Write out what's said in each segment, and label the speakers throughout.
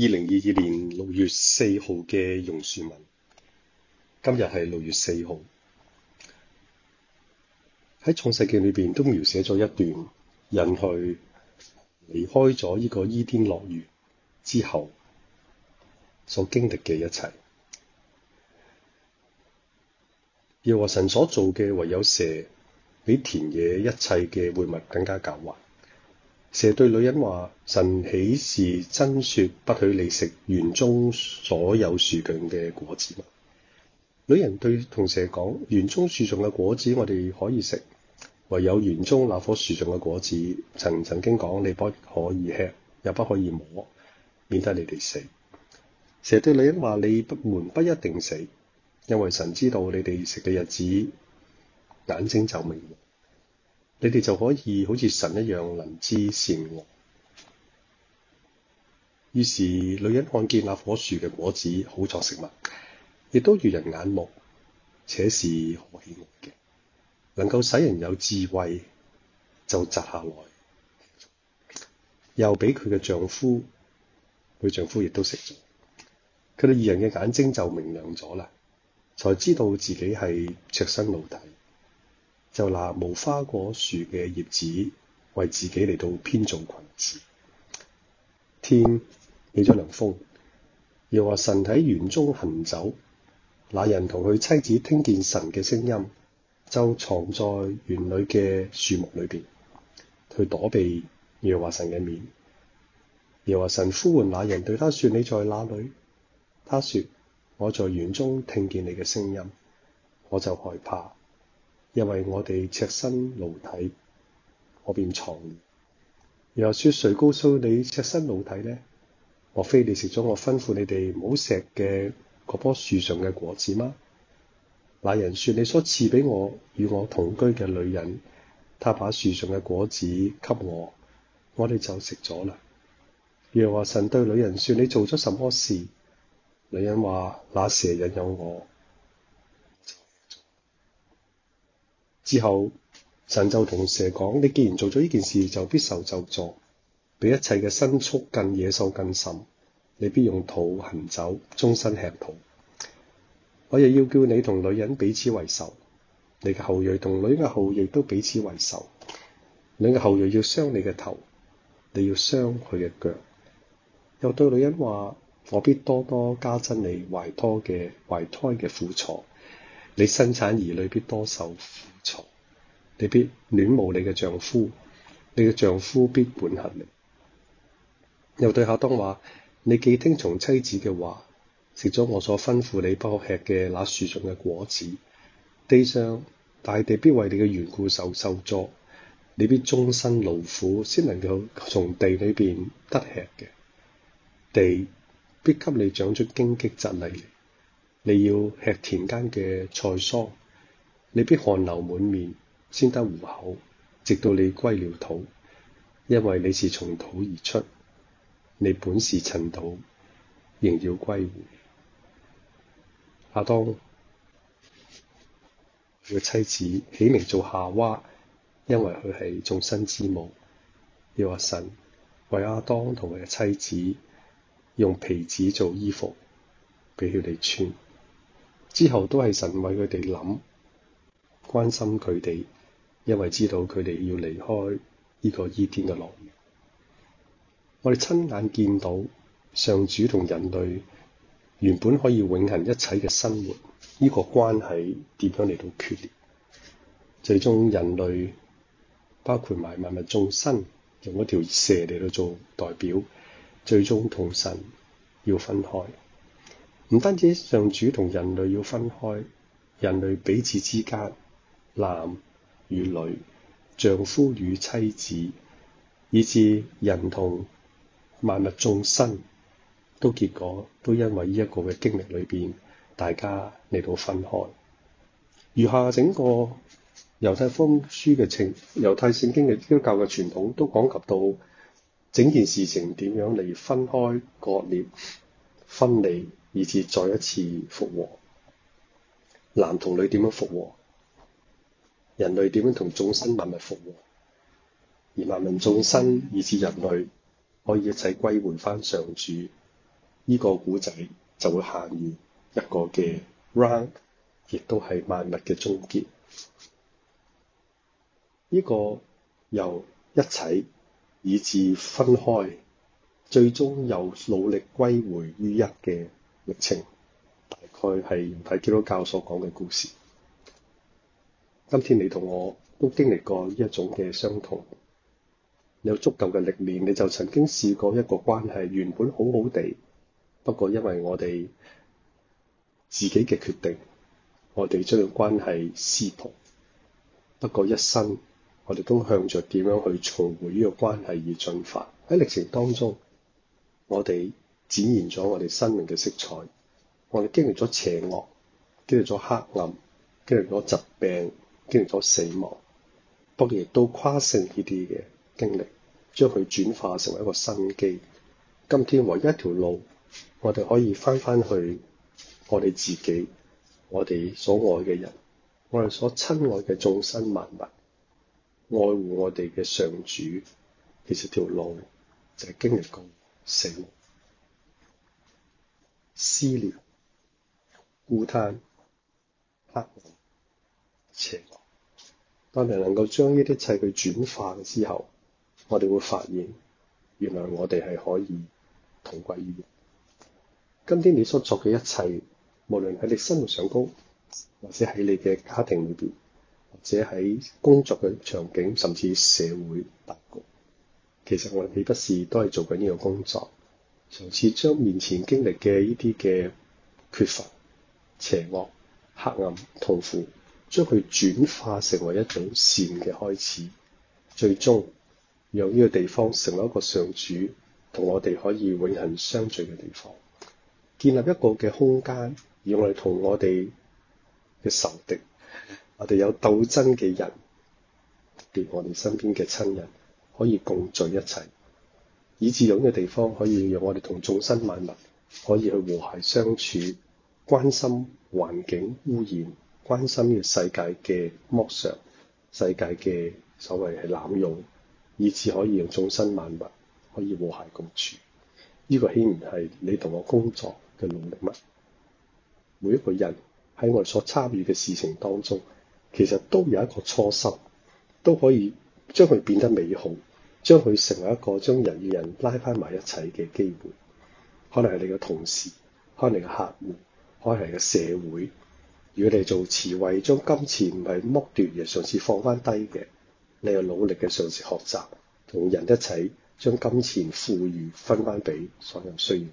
Speaker 1: 二零二二年六月四號嘅榕樹文，今日係六月四號。喺創世記裏邊都描寫咗一段人去離開咗呢個伊甸樂園之後所經歷嘅一切。耶和華神所做嘅唯有蛇，比田野一切嘅活物更加狡猾。蛇對女人話：神豈是真說不許你食園中所有樹上嘅果子。女人對同蛇講：園中樹上嘅果子我哋可以食，唯有園中那棵樹上嘅果子，神曾,曾經講你不可以吃，也不可以摸，免得你哋死。蛇對女人話：你不瞞不一定死，因為神知道你哋食嘅日子眼睛就明。」你哋就可以好似神一樣能知善惡。於是女人看見那棵樹嘅果子好作食物，亦都悅人眼目，且是可喜愛嘅，能夠使人有智慧，就摘下來，又俾佢嘅丈夫，佢丈夫亦都食咗。佢哋二人嘅眼睛就明亮咗啦，才知道自己係赤身露體。就拿無花果樹嘅葉子為自己嚟到編造裙子。天起咗涼風，耶和華神喺園中行走，那人同佢妻子聽見神嘅聲音，就藏在園裏嘅樹木裏邊，佢躲避耶和華神嘅面。耶和華神呼喚那人，對他說：你在哪裏？他說：我在園中聽見你嘅聲音，我就害怕。因為我哋赤身露體，我便藏。又說，誰告訴你赤身露體呢？莫非你食咗我吩咐你哋唔好食嘅嗰棵樹上嘅果子嗎？那人說：你所賜俾我與我同居嘅女人，她把樹上嘅果子給我，我哋就食咗啦。耶和華神對女人說，你做咗什麼事？女人話：那蛇引誘我。之後神就同蛇講：你既然做咗呢件事，就必受咒詛，比一切嘅牲畜更野獸更甚。你必用肚行走，終身吃土。我亦要叫你同女人彼此為仇，你嘅後裔同女人嘅後裔都彼此為仇。女人嘅後裔要傷你嘅頭，你要傷佢嘅腳。又對女人話：我必多多加增你懷胎嘅懷胎嘅苦楚，你生產兒女必多受。你必戀慕你嘅丈夫，你嘅丈夫必管轄你。又對亞當話：你既聽從妻子嘅話，食咗我所吩咐你不可吃嘅那樹上嘅果子，地上大地必為你嘅緣故受受作，你必終身勞苦，先能夠從地裏邊得吃嘅。地必給你長出荊棘蒺藜，你要吃田間嘅菜蔬。你必汗流滿面，先得糊口，直到你歸了土，因為你是從土而出，你本是塵土，仍要歸回。阿當佢嘅妻子起名做夏娃，因為佢係眾生之母。你阿神為阿當同佢嘅妻子用皮子做衣服俾佢哋穿，之後都係神為佢哋諗，關心佢哋，因為知道佢哋要離開呢個伊甸嘅樂園。我哋親眼見到上主同人類原本可以永恆一齊嘅生活，呢個關係點樣嚟到決裂，最終人類包括埋萬物眾生，用嗰條蛇嚟到做代表，最終同神要分開。唔單止上主同人類要分開，人類彼此之間。男與女，丈夫與妻子，以至人同萬物眾生，都結果都因為呢一個嘅經歷裏邊，大家嚟到分開。餘下整個猶太風書嘅情，猶太聖經嘅基督教嘅傳統都講及到整件事情點樣嚟分開、割裂、分離，以至再一次復和。男同女點樣復和？人類點樣同眾生萬物復和？而萬民眾生以至人類可以一齊歸回翻上主，呢、這個古仔就會行完一個嘅 round，亦都係萬物嘅終結。呢、這個由一齊以至分開，最終又努力歸回於一嘅歷程，大概係猶太基督教所講嘅故事。今天你同我都經歷過呢一種嘅傷痛，有足夠嘅歷練，你就曾經試過一個關係原本好好地，不過因為我哋自己嘅決定，我哋將個關係撕破。不過一生我哋都向着點樣去重回呢個關係而進發，喺歷程當中，我哋展現咗我哋生命嘅色彩。我哋經歷咗邪惡，經歷咗黑暗，經歷咗疾病。經歷咗死亡，不過亦都跨性呢啲嘅經歷，將佢轉化成為一個生機。今天唯一一條路，我哋可以翻翻去我哋自己，我哋所愛嘅人，我哋所親愛嘅眾生萬物，愛護我哋嘅上主。其實條路就係經歷過死亡、撕裂、孤單、黑暗、邪惡。我哋能夠將呢啲嘢去轉化之後，我哋會發現，原來我哋係可以同歸於盡。今天你所做嘅一切，無論喺你生活上高，或者喺你嘅家庭裏邊，或者喺工作嘅場景，甚至社會大局，其實我哋豈不是都係做緊呢個工作？嘗試將面前經歷嘅呢啲嘅缺乏、邪惡、黑暗、痛苦。將佢轉化成為一種善嘅開始，最終讓呢個地方成為一個上主同我哋可以永恆相聚嘅地方，建立一個嘅空間，我哋同我哋嘅仇敵、我哋有鬥爭嘅人，連我哋身邊嘅親人可以共聚一齊，以至讓呢個地方可以讓我哋同眾生萬物可以去和諧相處，關心環境、污染，關心呢個世界嘅剝削、世界嘅所謂係濫用，以至可以用眾生萬物可以和諧共處。呢、這個顯然係你同我工作嘅努力嗎？每一個人喺我哋所參與嘅事情當中，其實都有一個初心，都可以將佢變得美好，將佢成為一個將人與人拉翻埋一齊嘅機會。可能係你嘅同事，可能係你嘅客戶，可能係你嘅社會。如果你做慈惠，將金錢唔係剝奪，而係嘗試放翻低嘅，你又努力嘅嘗試學習，同人一齊將金錢富裕分翻俾所有需要。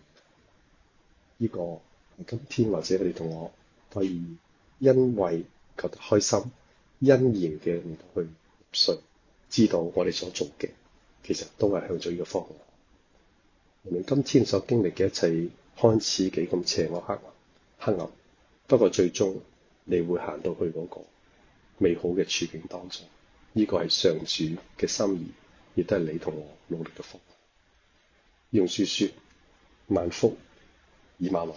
Speaker 1: 呢、這個係今天或者你哋同我可以因為覺得開心，欣然嘅唔去睡，知道我哋所做嘅其實都係向咗呢個方向。我哋今天所經歷嘅一切，看似幾咁邪惡、黑黑暗。不過最終你會行到去個美好嘅處境當中，呢、呢個係上主嘅心意，亦都係你同我努力嘅福。用書說萬福以馬內。